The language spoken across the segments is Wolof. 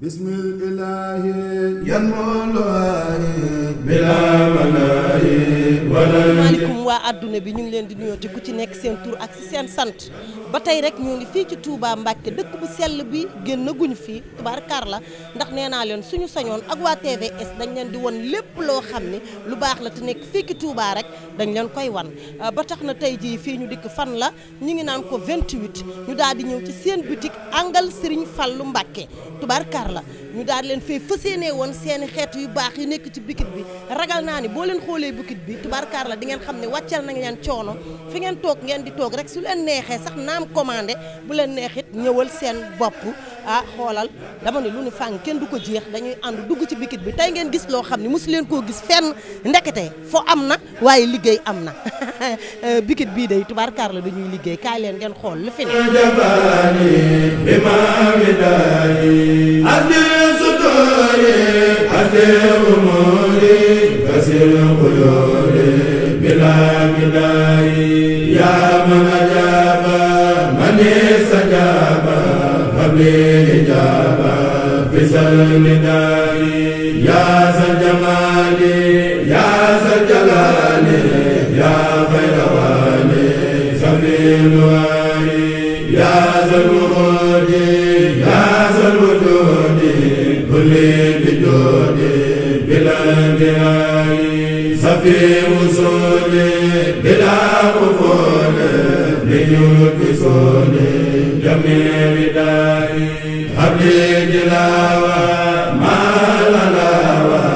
bismil ilaahi yan moolaay bila mana maaleykum waa adduna bi ñu ngi leen di nuyooti ku ci nekk seen tuur ak si seen sant ba tey rek ñoo ngi fii ci Touba Mbacke dëkk bu sell bi génn guñu fii tubaarkaar la ndax nee naa leen suñu sañoon ak waa TVS dañ leen di won lépp loo xam ne lu baax la te nekk fii ci Touba rek dañ leen koy wan ah, ba tax na tey jii fii ñu dikk fan la ñu ngi naan ko vingt 28 ñu daal di ñëw ci seen àngal Angal fal Fallou Mbacke tubaarkaar la ñu daal di leen fay fas woon seen xeet yu baax yu nekk ci bikit bi liggéey bukit bi tubaarkaar la di ngeen xam ne wàccal nañ leen coono fi ngeen toog ngeen di toog rek su leen neexee sax naam commandé bu leen neexit ñëwal seen bopp ah xoolal dama ne lu ne fàng kenn du ko jeex dañuy ànd dugg ci bukit bi tey ngeen gis loo xam ne mosu leen koo gis fenn ndekete foo am na waaye liggéey am na eh, bukit bii day tubaarkaar la dañuy liggéey kaay leen ngeen xool lu fi ne yaa في وصولي بلا قفول ليوت وصولي جميل داري حبلي جلاوة ما للاوة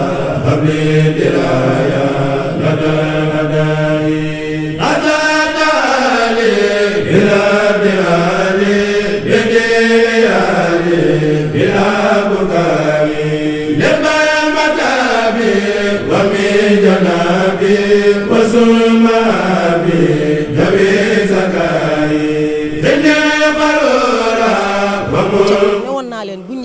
حبلي دراية لدى لداي لدى دالي بلا درالي بديالي بلا بكاري جنابي وسلمابي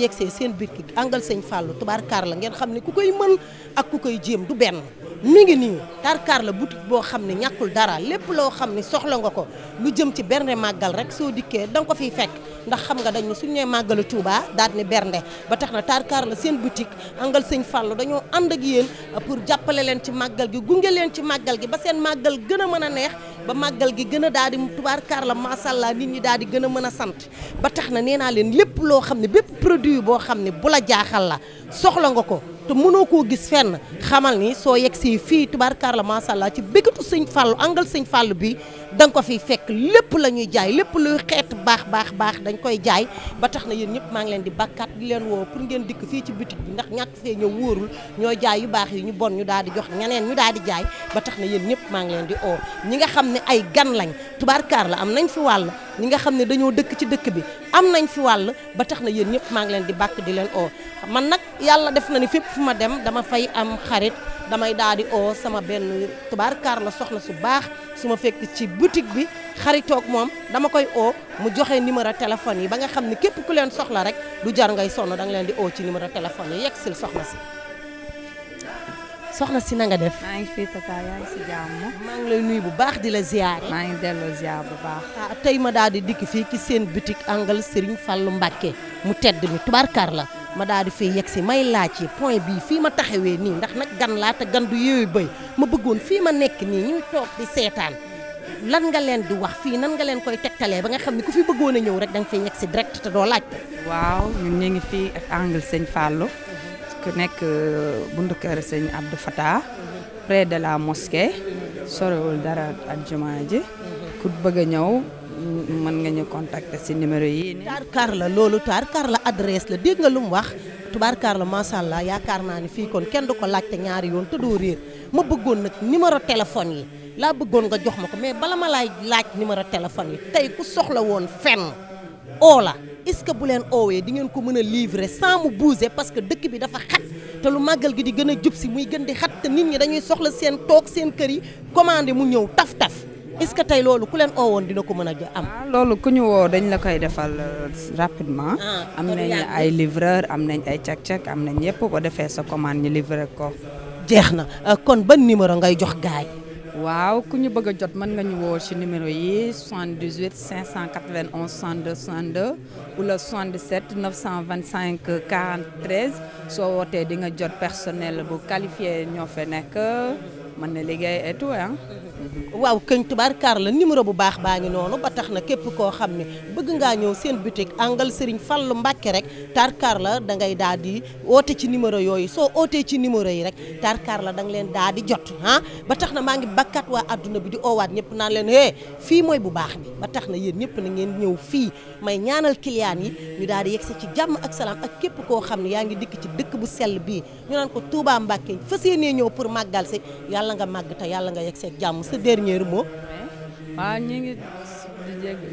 ñu yegsee seen bikki angal sëñ Fallou tubaarkaar la ngeen xam ne ku koy mën ak ku koy jéem du benn mi ngi nii tarkaar la boutique boo xam ne ñàkkul dara lépp loo xam ne soxla nga ko lu jëm ci bernde màggal rek soo dikkee da ko fiy fekk ndax xam nga dañ ne suñu nee màggalu Touba daal ne bernde ba tax na tarkaar la seen boutique angal sëñ Fallou dañoo ànd ak yéen pour jàppale leen ci màggal gi gunge leen ci màggal gi ba seen màggal gën a mën a neex ba màggal gi gën a daal di tubaarkaar la maasàllaa nit ñi daal di gën a mën a sant ba tax na nee naa leen lépp loo xam ne bépp produit boo xam ne bu la jaaxal la soxla nga ko te mënoo koo gis fenn xamal ni soo yegg si fii tubaarkalla macha allah ci bëggatu sëñ fàllu angal sëñ fàll bi da ko fiy fekk lépp la ñuy jaay lépp luy xeet baax baax baax dañ koy jaay ba tax na yéen ñëpp maa ngi leen di bakkaat di leen woo pour ngeen dikk fii ci boutique bi ndax ñàkk fee ñëw wóorul ñoo jaay yu baax yi ñu bon ñu daal di jox ñeneen ñu daal di jaay ba tax na yéen ñëpp maa ngi leen di oo ñi nga xam ne ay gan lañ la am nañ fi wàll ñi nga xam ne dañoo dëkk ci dëkk bi am nañ fi wàll ba tax na yéen ñëpp maa ngi leen di bàkk di leen oo man nag yàlla def na ni fépp fu ma dem dama fay am xarit damay daal di oo sama benn tubaarkaar la soxna su baax su ma fekk ci boutique bi xaritoog moom dama koy oo mu joxe numéro téléphone yi ba nga xam ne képp ku leen soxla rek du jar ngay sonn danga leen di oo ci numéro téléphone yi yegg sil soxna si soxna si na nga def. maa ngi fi Tata yaa ngi maa ngi lay nuyu bu baax di la ziar. maa ngi delloo ziar bu baax. Ah, tey ma daal di dikk fii ci seen bitik angle Serigne Fallou mbakke mu tedd mi tubaarkaar la. ma daal di fee yegg si may laajte point bii fii ma taxawee nii ndax nag gan laa te gan du yooyu béy ma bëggoon fii ma nekk nii ñuy toog di seetaan lan nga leen di wax fii nan nga leen koy tegtalee ba nga xam ne ku fi bëggoon a ñëw rek danga nga fee yegg si direct te doo laaj. waaw ñun ñu ngi fii ak angle sëñ Fallou. ku nekk uh, buntu kër sëñ Abdou Fatah. près de la moske sorewul dara ak jumaa ji. ku bëgg a ñëw. man nga ñu contacter si numéro yii nii. tubaarkaar la loolu tubaarkaar la adresse la dégg nga lu mu wax tubaarkaar la macha allah yaakaar naa ni fii kon kenn du ko laajte ñaari yoon te doo réer ma bëggoon nag numéro téléphone yi laa bëggoon nga jox ma ko mais bala ma laay laaj numéro téléphone yi tey ku soxla woon fenn oo la est-ce que bu leen oowee di ngeen ko mën a livrer sans mu bouger parce que dëkk bi dafa xat te lu màggal gi di gën a jub si muy gën di xat te nit ñi dañuy soxla seen toog seen kër yi commandé mu ñëw taf-taf. est-ce que tey loolu ku leen oo woon dina ko mën a am. Ah, loolu ku ñu woo dañ la koy defal euh, rapidement. Ah, am nañ ay livreur am nañ ay càq-càq am nañ yëpp ko defee sa commande ñu livrer ko. jeex na euh, kon ban numéro ngay jox gaay waaw ku ñu bëgg a jot mën nga ñu woo ci numéro yi 78 591 62 62 wala 77 925 43 soo wootee di nga jot personnel bu qualifié ñoo fa nekk. mën na liggéey et tout ah. waaw këñ tubaarkaar la numéro bu baax baa ngi noonu ba tax na képp koo xam ne bëgg ngaa ñëw seen boutique angal Serigne Fallou Mbacke rek tarkaar la da ngay daal di oote ci numéro yooyu soo ootee ci numéro yi rek tarkaar la da nga leen daal di jot ah ba tax na maa ngi bakkat waa adduna bi di oowaat ñëpp naan leen hee fii mooy bu baax bi ba tax na yéen ñëpp na ngeen ñëw fii may ñaanal kiliyaan yi ñu daal di yegg ci jàmm ak salaam ak képp koo xam ne yaa ngi dikk ci dëkk bu sell bii ñu naan ko ñëw pour màggal si yàlla yàlla nga màgg te yàlla nga yegg seeg jàmm sa dernier mot. waaw ñu ngi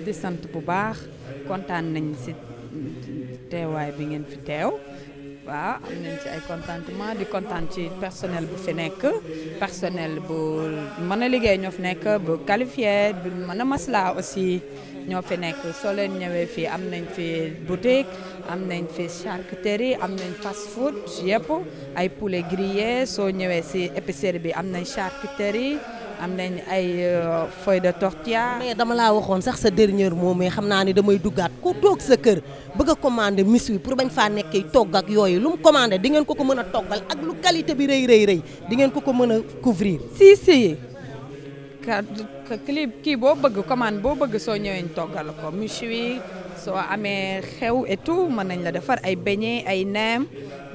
di sant bu baax kontaan nañ si teewaay bi ngeen fi teew. waaw am nañ ci ay contentement di kontaan ci personnel bu fi nekk personnel bu mën a liggéey ñoo fi nekk bu qualifié bu mën a maslaa aussi ñoo fi nekk soo leen ñëwee fii am nañ fi boutique am nañ fi charcuterie am nañ fast food yëpp ay poulet grillé soo ñëwee si épicerie bi am nañ charcuterie am nañ ay euh, feuille de tortilla. mais dama laa waxoon sax sa dernier moom mais xam naa ni damay duggaat ko toog sa kër bëgg commander commandé pour bañ faa nekkee togg ak yooyu lu mu commandé di ngeen ko ko mën a toggal ak lu qualité bi rëy rëy rëy di ngeen ko ko mën a couvrir. si kii boo bëgg commande boo bëgg soo ñëwee toggal ko miss wi soo amee xew et mën nañ la defar ay beignet ay nem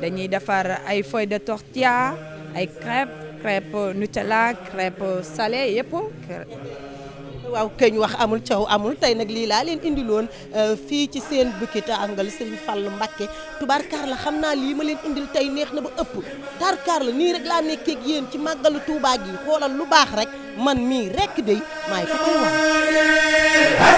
dañuy defar ay feuille de tortilla ay crêpes. crêpe Nutella crêpe salé yëpp. waaw keñ wax amul caw amul tey nag lii laa leen indiloon euh, fii ci seen bukki tàngal Serigne Fallou Mbacké tubaarkaar la xam naa lii ma leen indil tey neex na ba ëpp tarkaar la nii rek laa nekkee ak yéen ci màggalu Touba yi xoolal lu baax rek man mii rek day maay ko koy